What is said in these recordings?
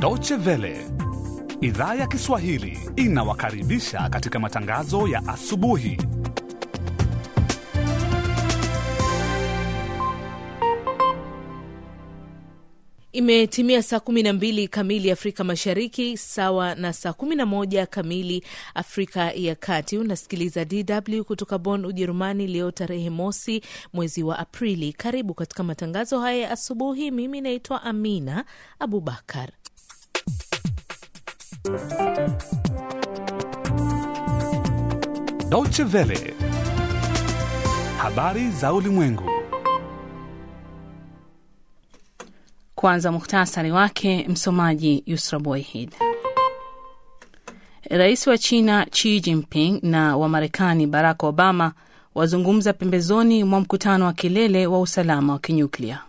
Deutsche Welle idhaa ya Kiswahili inawakaribisha katika matangazo ya asubuhi Imetimia saa kumi na mbili kamili Afrika Mashariki, sawa na saa kumi na moja kamili Afrika ya Kati. Unasikiliza DW kutoka bon Ujerumani, leo tarehe mosi mwezi wa Aprili. Karibu katika matangazo haya ya asubuhi. Mimi naitwa Amina Abubakar. Deutsche vele habari za ulimwengu Kwanza muhtasari wake, msomaji Yusra Boyhid. Rais wa China Xi Jinping na wa Marekani Barack Obama wazungumza pembezoni mwa mkutano wa kilele wa usalama wa kinyuklia.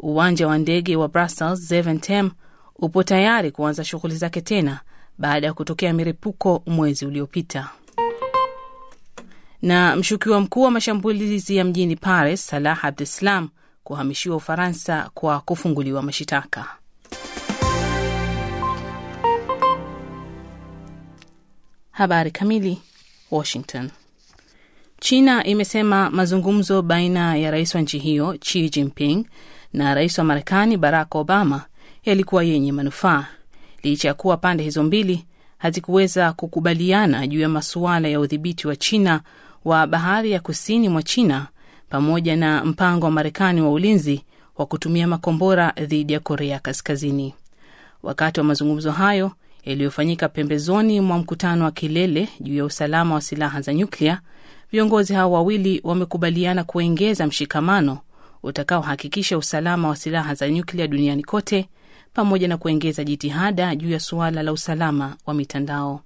Uwanja wa ndege wa Brussels Zaventem upo tayari kuanza shughuli zake tena baada ya kutokea milipuko mwezi uliopita. Na mshukiwa mkuu wa mashambulizi ya mjini Paris Salah Abdeslam kuhamishiwa Ufaransa kwa kufunguliwa mashitaka. Habari kamili. Washington. China imesema mazungumzo baina ya rais wa nchi hiyo Xi Jinping na rais wa Marekani Barack Obama yalikuwa yenye manufaa licha ya kuwa pande hizo mbili hazikuweza kukubaliana juu ya masuala ya udhibiti wa China wa bahari ya kusini mwa China pamoja na mpango wa Marekani wa ulinzi wa kutumia makombora dhidi ya Korea Kaskazini. Wakati wa mazungumzo hayo yaliyofanyika pembezoni mwa mkutano wa kilele juu ya usalama wa silaha za nyuklia, viongozi hao wawili wamekubaliana kuongeza mshikamano utakaohakikisha usalama wa silaha za nyuklia duniani kote pamoja na kuongeza jitihada juu ya suala la usalama wa mitandao.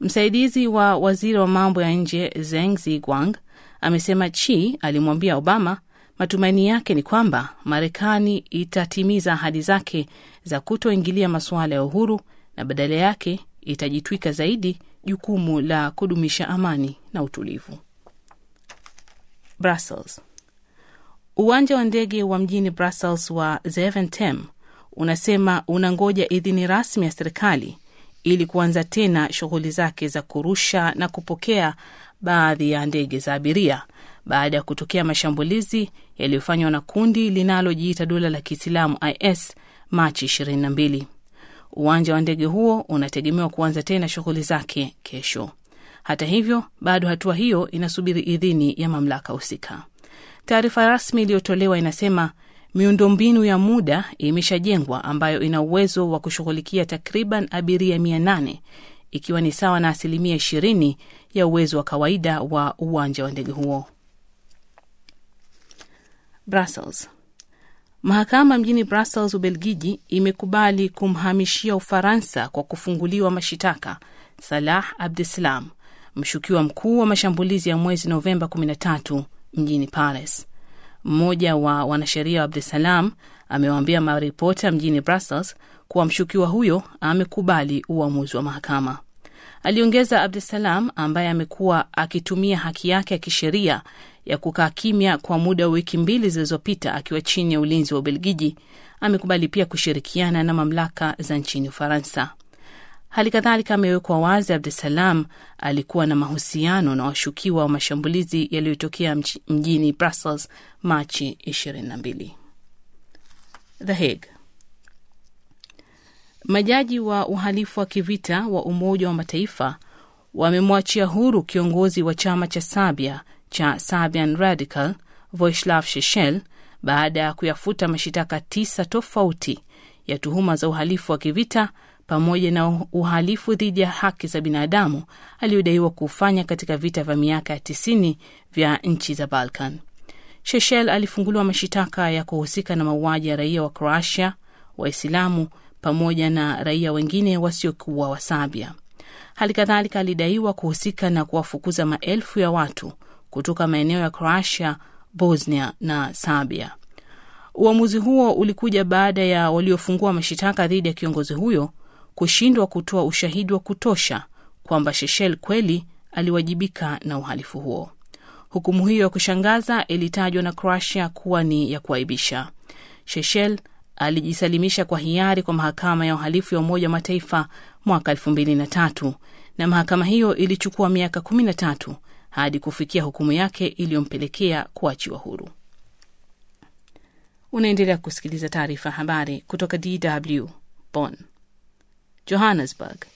Msaidizi wa waziri wa mambo ya nje Zeng Ziguang amesema Chi alimwambia Obama matumaini yake ni kwamba Marekani itatimiza ahadi zake za kutoingilia masuala ya uhuru na badala yake itajitwika zaidi jukumu la kudumisha amani na utulivu. Brussels. Uwanja wa ndege wa mjini Brussels wa Zaventem unasema unangoja idhini rasmi ya serikali ili kuanza tena shughuli zake za kurusha na kupokea baadhi ya ndege za abiria baada ya kutokea mashambulizi yaliyofanywa na kundi linalojiita dola la Kiislamu IS Machi 22. Uwanja wa ndege huo unategemewa kuanza tena shughuli zake kesho. Hata hivyo, bado hatua hiyo inasubiri idhini ya mamlaka husika. Taarifa rasmi iliyotolewa inasema miundombinu ya muda imeshajengwa ambayo ina uwezo wa kushughulikia takriban abiria ikiwa ni sawa na asilimia ishirini ya uwezo wa kawaida wa uwanja wa ndege huo. Brussels. Mahakama mjini Brussels, Ubelgiji, imekubali kumhamishia Ufaransa kwa kufunguliwa mashitaka Salah Abdeslam, mshukiwa mkuu wa mashambulizi ya mwezi Novemba 13 mjini Paris. Mmoja wa wanasheria wa Abdusalam amewaambia maripota mjini Brussels kuwa mshukiwa huyo amekubali uamuzi wa mahakama. Aliongeza, Abdusalam ambaye amekuwa akitumia haki yake ya kisheria ya kukaa kimya kwa muda wa wiki mbili zilizopita akiwa chini ya ulinzi wa Ubelgiji amekubali pia kushirikiana na mamlaka za nchini Ufaransa. Hali kadhalika amewekwa wazi Abdusalam alikuwa na mahusiano na washukiwa wa mashambulizi yaliyotokea mjini Brussels Machi 22. The Hague. Majaji wa uhalifu wa kivita wa Umoja wa Mataifa wamemwachia huru kiongozi wa chama cha sabia cha sabian Radical Voislav shechel baada ya kuyafuta mashitaka tisa tofauti ya tuhuma za uhalifu wa kivita pamoja na uhalifu dhidi ya haki za binadamu aliyodaiwa kufanya katika vita vya miaka ya tisini vya nchi za Balkan. Sheshel alifunguliwa mashitaka ya kuhusika na mauaji ya raia wa Croatia, Waislamu pamoja na raia wengine wasiokuwa wa Sabia. Hali kadhalika alidaiwa kuhusika na kuwafukuza maelfu ya watu kutoka maeneo ya Croatia, Bosnia na Sabia. Uamuzi huo ulikuja baada ya waliofungua mashitaka dhidi ya kiongozi huyo kushindwa kutoa ushahidi wa kutosha kwamba Sheshel kweli aliwajibika na uhalifu huo. Hukumu hiyo ya kushangaza ilitajwa na Croatia kuwa ni ya kuaibisha. Sheshel alijisalimisha kwa hiari kwa mahakama ya uhalifu ya Umoja wa Mataifa mwaka elfu mbili na tatu na mahakama hiyo ilichukua miaka kumi na tatu hadi kufikia hukumu yake iliyompelekea kuachiwa huru. Unaendelea kusikiliza taarifa ya habari kutoka DW Bonn. Johannesburg.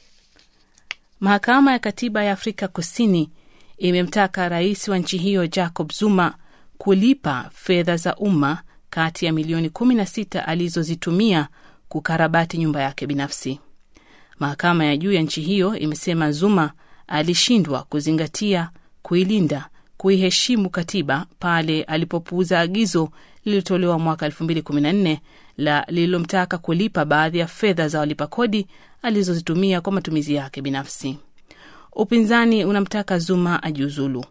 Mahakama ya Katiba ya Afrika Kusini imemtaka rais wa nchi hiyo Jacob Zuma kulipa fedha za umma kati ya milioni 16 alizozitumia kukarabati nyumba yake binafsi. Mahakama ya juu ya nchi hiyo imesema Zuma alishindwa kuzingatia, kuilinda, kuiheshimu katiba pale alipopuuza agizo lililotolewa mwaka 2014 la lililomtaka kulipa baadhi ya fedha za walipa kodi alizozitumia kwa matumizi yake binafsi. Upinzani unamtaka Zuma ajiuzulu,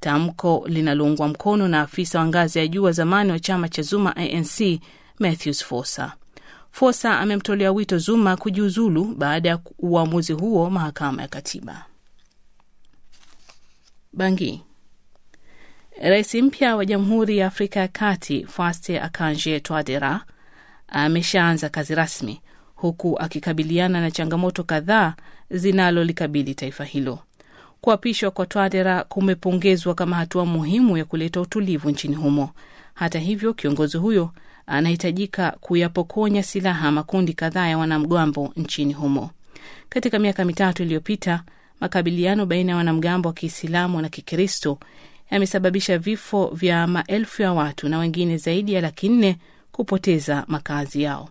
tamko linaloungwa mkono na afisa wa ngazi ya juu wa zamani wa chama cha Zuma ANC Matthews Fosa. Fosa amemtolea wito Zuma kujiuzulu baada ya uamuzi huo mahakama ya katiba. Bangi Rais mpya wa Jamhuri ya Afrika ya Kati Faustin Archange Touadera ameshaanza kazi rasmi huku akikabiliana na changamoto kadhaa zinalolikabili taifa hilo. Kuapishwa kwa twadera kumepongezwa kama hatua muhimu ya kuleta utulivu nchini humo. Hata hivyo, kiongozi huyo anahitajika kuyapokonya silaha makundi kadhaa ya wanamgambo nchini humo. Katika miaka mitatu iliyopita, makabiliano baina ya wanamgambo wa Kiislamu na Kikristo yamesababisha vifo vya maelfu ya watu na wengine zaidi ya laki nne kupoteza makazi yao.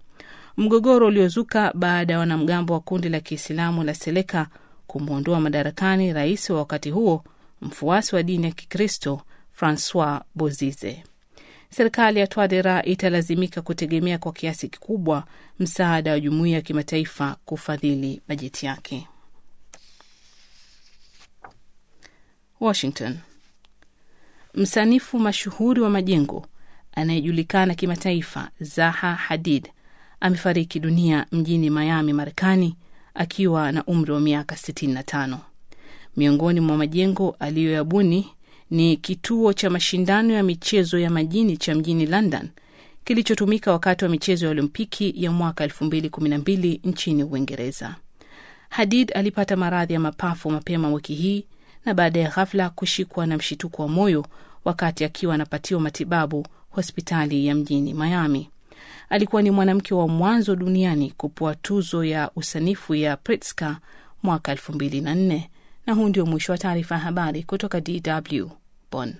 Mgogoro uliozuka baada ya wanamgambo wa kundi la Kiislamu la Seleka kumwondoa madarakani rais wa wakati huo, mfuasi wa dini ya Kikristo Francois Bozize. Serikali ya Twadera italazimika kutegemea kwa kiasi kikubwa msaada wa jumuiya ya kimataifa kufadhili bajeti yake. Washington. Msanifu mashuhuri wa majengo anayejulikana kimataifa Zaha Hadid amefariki dunia mjini Miami, Marekani akiwa na umri wa miaka 65. Miongoni mwa majengo aliyoyabuni ni kituo cha mashindano ya michezo ya majini cha mjini London kilichotumika wakati wa michezo ya Olimpiki ya mwaka 2012 nchini Uingereza. Hadid alipata maradhi ya mapafu mapema wiki hii na baada ya ghafla kushikwa na mshituko wa moyo wakati akiwa anapatiwa matibabu hospitali ya mjini Miami. Alikuwa ni mwanamke wa mwanzo duniani kupewa tuzo ya usanifu ya Pritzker mwaka elfu mbili na nne. Na huu ndio mwisho wa taarifa ya habari kutoka DW Bonn.